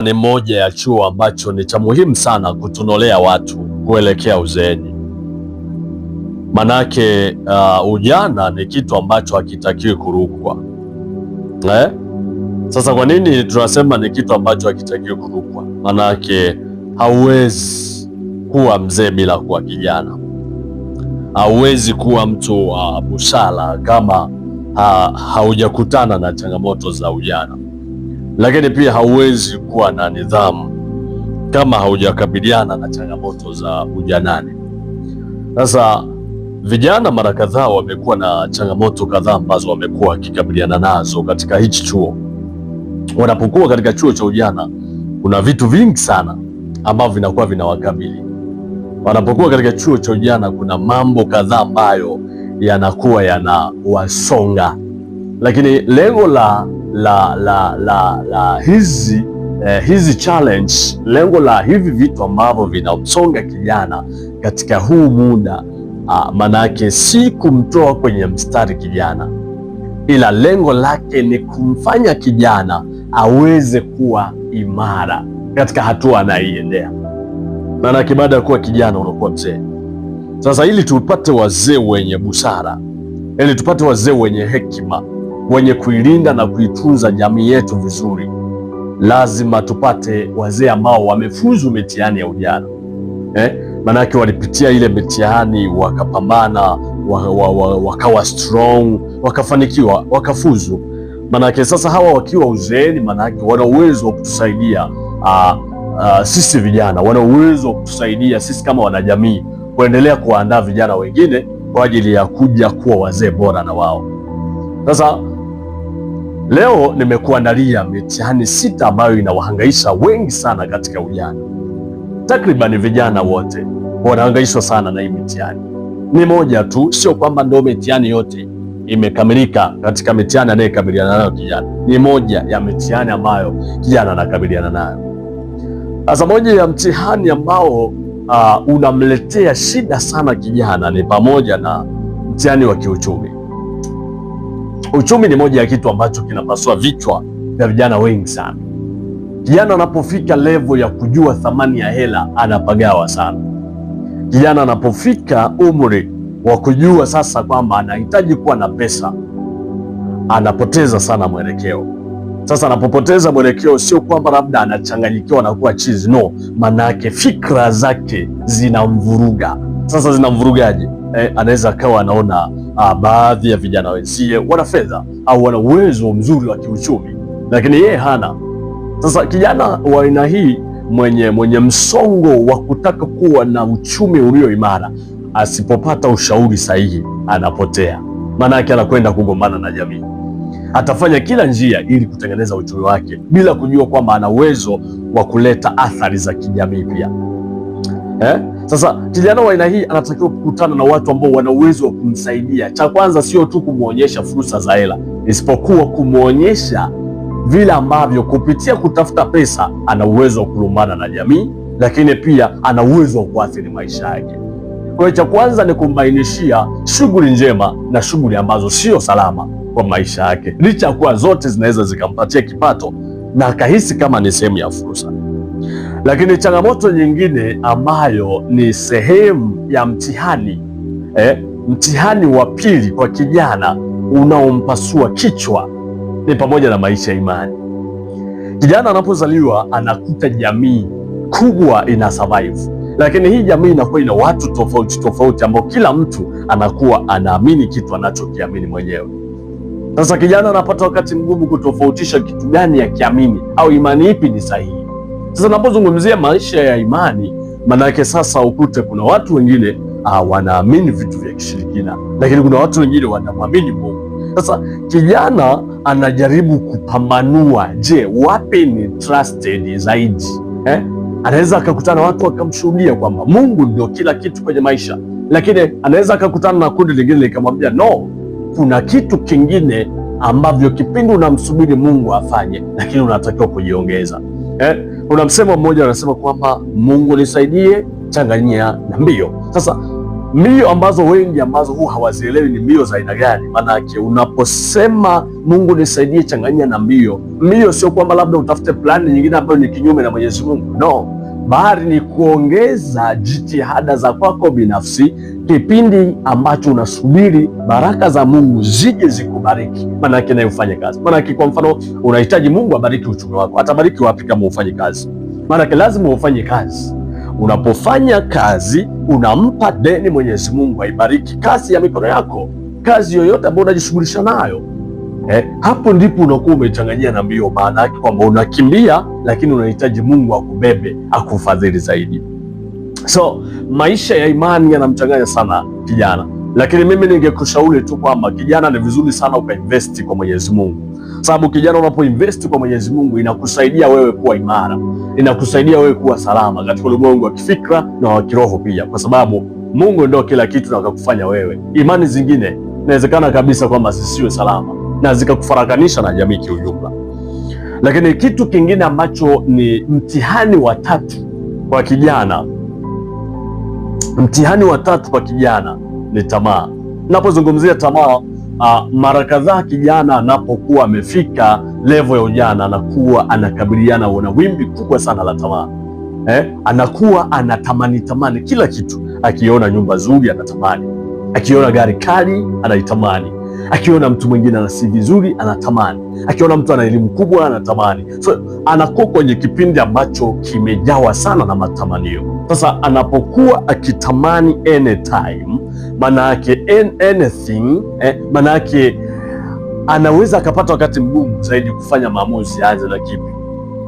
ni moja ya chuo ambacho ni cha muhimu sana kutunolea watu kuelekea uzeeni. Manake uh, ujana ni kitu ambacho hakitakiwi kurukwa eh? Sasa kwa nini tunasema ni kitu ambacho hakitakiwi kurukwa? Manake hauwezi kuwa mzee bila kuwa kijana, hauwezi kuwa mtu wa uh, busara kama uh, haujakutana na changamoto za ujana lakini pia hauwezi kuwa na nidhamu kama haujakabiliana na changamoto za ujanani. Sasa vijana mara kadhaa wamekuwa na changamoto kadhaa ambazo wamekuwa wakikabiliana nazo katika hichi chuo. Wanapokuwa katika chuo cha ujana, kuna vitu vingi sana ambavyo vinakuwa vinawakabili wanapokuwa katika chuo cha ujana. Kuna mambo kadhaa ambayo yanakuwa yanawasonga, lakini lengo la la la la la hizi eh, hizi challenge, lengo la hivi vitu ambavyo vinamsonga kijana katika huu muda ah, manake si kumtoa kwenye mstari kijana, ila lengo lake ni kumfanya kijana aweze kuwa imara katika hatua anaiendea, maanake baada ya kuwa kijana unakuwa mzee. Sasa ili tupate wazee wenye busara, ili tupate wazee wenye hekima wenye kuilinda na kuitunza jamii yetu vizuri, lazima tupate wazee ambao wamefuzu mitihani ya ujana eh? Maanake walipitia ile mitihani wakapambana, wakawa wa, wa, wa strong, wakafanikiwa, wakafuzu. Maanake sasa hawa wakiwa uzeeni, maanake wana uwezo wa kutusaidia ah, ah, sisi vijana, wana uwezo wa kutusaidia sisi kama wanajamii kuendelea kuwaandaa vijana wengine kwa ajili ya kuja kuwa wazee bora na wao sasa Leo nimekuandalia mitihani sita ambayo inawahangaisha wengi sana katika ujana. Takribani vijana wote wanahangaishwa sana na hii mitihani. Ni moja tu, sio kwamba ndio mitihani yote imekamilika katika mitihani anayekabiliana nayo kijana. Ni moja ya mitihani ambayo kijana anakabiliana nayo. Sasa moja ya mtihani ambao uh, unamletea shida sana kijana ni pamoja na mtihani wa kiuchumi. Uchumi ni moja ya kitu ambacho kinapasua vichwa vya vijana wengi sana. Kijana anapofika levo ya kujua thamani ya hela anapagawa sana. Kijana anapofika umri wa kujua sasa kwamba anahitaji kuwa na pesa anapoteza sana mwelekeo. Sasa anapopoteza mwelekeo, sio kwamba labda anachanganyikiwa na kuwa chizi, no, maana yake fikra zake zinamvuruga sasa zinamvurugaje? Eh, anaweza akawa anaona ah, baadhi ya vijana wenzie wana fedha au wana uwezo mzuri wa kiuchumi, lakini yeye hana. Sasa kijana wa aina hii mwenye, mwenye msongo wa kutaka kuwa na uchumi ulio imara, asipopata ushauri sahihi anapotea, maana yake anakwenda kugombana na jamii. Atafanya kila njia ili kutengeneza uchumi wake bila kujua kwamba ana uwezo wa kuleta athari za kijamii pia eh? Sasa kijana wa aina hii anatakiwa kukutana na watu ambao wana uwezo wa kumsaidia. Cha kwanza sio tu kumwonyesha fursa za hela, isipokuwa kumwonyesha vile ambavyo kupitia kutafuta pesa ana uwezo wa kulumbana na jamii, lakini pia ana uwezo wa kuathiri maisha yake. Kwa hiyo cha kwanza ni kumbainishia shughuli njema na shughuli ambazo sio salama kwa maisha yake, licha ya kuwa zote zinaweza zikampatia kipato na akahisi kama ni sehemu ya fursa. Lakini changamoto nyingine ambayo ni sehemu ya mtihani eh, mtihani wa pili kwa kijana unaompasua kichwa ni pamoja na maisha ya imani. Kijana anapozaliwa anakuta jamii kubwa ina survive, lakini hii jamii inakuwa ina watu tofauti tofauti ambao kila mtu anakuwa anaamini kitu anachokiamini mwenyewe. Sasa kijana anapata wakati mgumu kutofautisha kitu gani akiamini au imani ipi ni sahihi. Sasa napozungumzia maisha ya imani, yake sasa ukute kuna watu wengine uh, wanaamini vitu vya kishirikina, lakini kuna watu wengine wanamwamini Mungu. Sasa kijana anajaribu kupambanua, je, wapi ni trusted zaidi eh? Anaweza akakutana watu wakamshuhudia kwamba Mungu ndio kila kitu kwenye maisha, lakini anaweza akakutana na kundi lingine likamwambia no, kuna kitu kingine ambavyo kipindi unamsubiri Mungu afanye, lakini unatakiwa kujiongeza eh? Kuna msemo mmoja anasema kwamba Mungu nisaidie, changanyia na mbio. Sasa mbio ambazo wengi ambazo huwa hawazielewi ni mbio za aina gani? yake unaposema Mungu nisaidie, changanyia na mbio, mbio sio kwamba labda utafute plani nyingine ambayo ni kinyume na Mwenyezi Mungu, no bali ni kuongeza jitihada za kwako binafsi kipindi ambacho unasubiri baraka za Mungu zije zikubariki. Maanake naye ufanye kazi, maanake kwa mfano unahitaji Mungu abariki uchumi wako, atabariki wapi kama ufanye kazi? Maanake lazima ufanye kazi. Unapofanya kazi, unampa deni Mwenyezi Mungu aibariki kazi ya mikono yako, kazi yoyote ambayo unajishughulisha nayo Eh, hapo eh, ndipo unakuwa umechanganyia na mbio. Maana yake kwamba unakimbia lakini unahitaji Mungu akubebe akufadhili zaidi. So maisha ya imani yanamchanganya sana kijana, lakini mimi ningekushauri tu kwamba kijana, ni vizuri sana ukainvesti kwa Mwenyezi Mungu sababu kijana, unapoinvesti kwa Mwenyezi Mungu inakusaidia wewe kuwa imara, inakusaidia wewe kuwa salama katika ulimwengu wa kifikra na wa kiroho pia, kwa sababu Mungu ndio kila kitu na akakufanya wewe. Imani zingine inawezekana kabisa kwamba zisiwe salama na zikakufarakanisha na jamii kiujumla. Lakini kitu kingine ambacho ni mtihani wa tatu kwa kijana, mtihani wa tatu kwa kijana ni tamaa. Napozungumzia tamaa, uh, mara kadhaa kijana anapokuwa amefika levo ya ujana anakuwa anakabiliana na wimbi kubwa sana la tamaa. Eh, anakuwa anatamani tamani kila kitu. Akiona nyumba nzuri anatamani, akiona gari kali anaitamani akiona mtu mwingine anasi vizuri anatamani, akiona mtu ana elimu kubwa anatamani. So anakuwa kwenye kipindi ambacho kimejawa sana na matamanio. Sasa anapokuwa akitamani anytime, maana yake anything, eh, maana yake anaweza akapata wakati mgumu zaidi kufanya maamuzi aanze na kipi.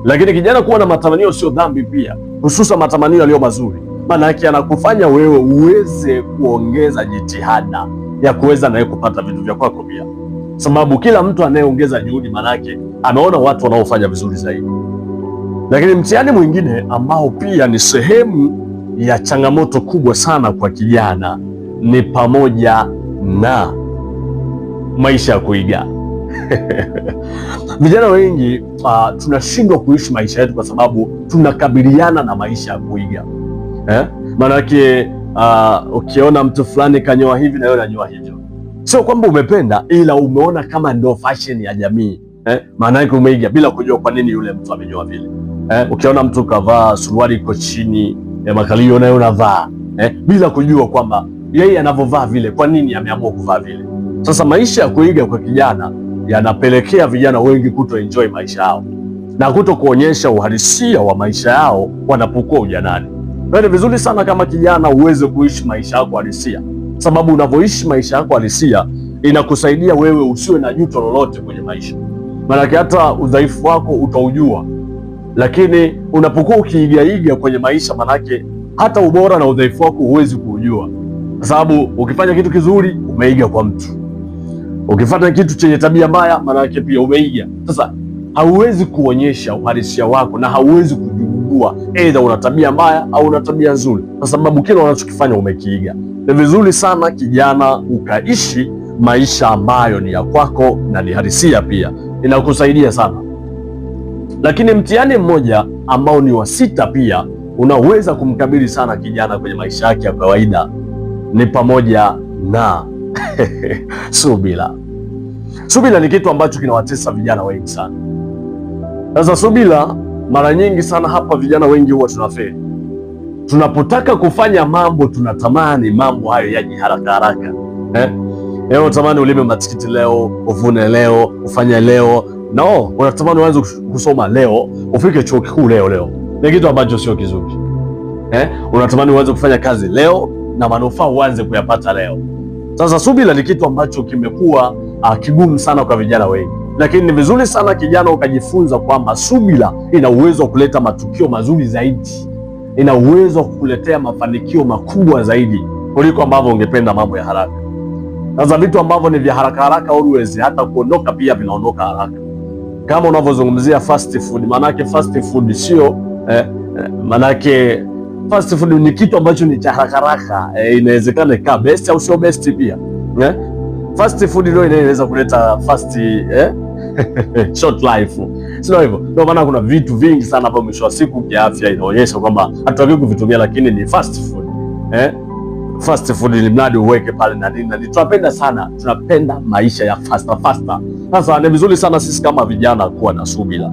Lakini kijana kuwa na matamanio sio dhambi pia, hususan matamanio yaliyo mazuri. Maanake anakufanya wewe uweze kuongeza jitihada ya kuweza naye kupata vitu vya kwako pia, sababu kila mtu anayeongeza juhudi maanake ameona watu wanaofanya vizuri zaidi. Lakini mtihani mwingine ambao pia ni sehemu ya changamoto kubwa sana kwa kijana ni pamoja na maisha ya kuiga. Vijana wengi uh, tunashindwa kuishi maisha yetu kwa sababu tunakabiliana na maisha ya kuiga eh? Maanake uh, ukiona mtu fulani kanyoa hivi na yeye ananyoa hivyo, sio kwamba umependa, ila umeona kama ndio fashion ya jamii eh? Maanake umeiga bila kujua kwa nini yule mtu amenyoa vile eh? Ukiona mtu kavaa suruali iko chini ya makalio yeye unavaa eh? bila kujua kwamba yeye anavyovaa vile, kwa nini ameamua kuvaa vile. Sasa maisha ya kuiga kwa kijana yanapelekea vijana wengi kuto enjoy maisha yao na kuto kuonyesha uhalisia wa maisha yao wanapokuwa ujanani. Ni yaani vizuri sana kama kijana uweze kuishi maisha yako halisia, sababu unavyoishi maisha yako halisia inakusaidia wewe usiwe na juto lolote kwenye maisha, maanake hata udhaifu wako utaujua, lakini unapokuwa ukiigaiga kwenye maisha, manake hata ubora na udhaifu wako huwezi kuujua, sababu ukifanya kitu kizuri umeiga kwa mtu, ukifanya kitu chenye tabia mbaya, manake pia umeiga. Sasa hauwezi kuonyesha uhalisia wako na hauwezi kujua kuchagua aidha una tabia mbaya au una tabia nzuri, kwa sababu kile unachokifanya umekiiga. Ni vizuri sana kijana ukaishi maisha ambayo ni ya kwako na ni halisia pia, inakusaidia sana. Lakini mtihani mmoja ambao ni wa sita pia unaweza kumkabili sana kijana kwenye maisha yake ya kawaida ni pamoja na subira. Subira ni kitu ambacho kinawatesa vijana wengi sana. Sasa subira mara nyingi sana hapa vijana wengi huwa tunafeli tunapotaka kufanya mambo, tunatamani mambo hayo yaje haraka haraka eh? Leo tamani ulime matikiti leo, uvune leo, ufanye leo. No, unatamani uanze kusoma leo, ufike chuo kikuu leo leo. Ni kitu ambacho sio kizuri eh? Unatamani uanze kufanya kazi leo na manufaa uanze kuyapata leo. Sasa subira ni kitu ambacho kimekuwa ah, kigumu sana kwa vijana wengi lakini ni vizuri sana kijana ukajifunza kwamba subira ina uwezo wa kuleta matukio mazuri zaidi, ina uwezo wa kukuletea mafanikio makubwa zaidi kuliko ambavyo ungependa mambo ya haraka. Sasa vitu ambavyo ni vya haraka haraka always, hata kuondoka pia vinaondoka haraka, kama unavyozungumzia fast food. Maanake fast food sio eh, eh maanake fast food ni kitu ambacho ni cha haraka haraka eh, inawezekana ikawa best au sio best pia eh? Fast food ndio inaweza kuleta fast eh? short life, sio hivyo? Ndio maana kuna vitu vingi sana hapo, mwisho wa siku kiafya inaonyesha kwamba hatutaki kuvitumia, lakini ni fast food eh? Fast food ni mradi uweke pale na nini na nini. Tunapenda sana, tunapenda maisha ya fasta fasta. Sasa ni vizuri sana sisi kama vijana kuwa na subira.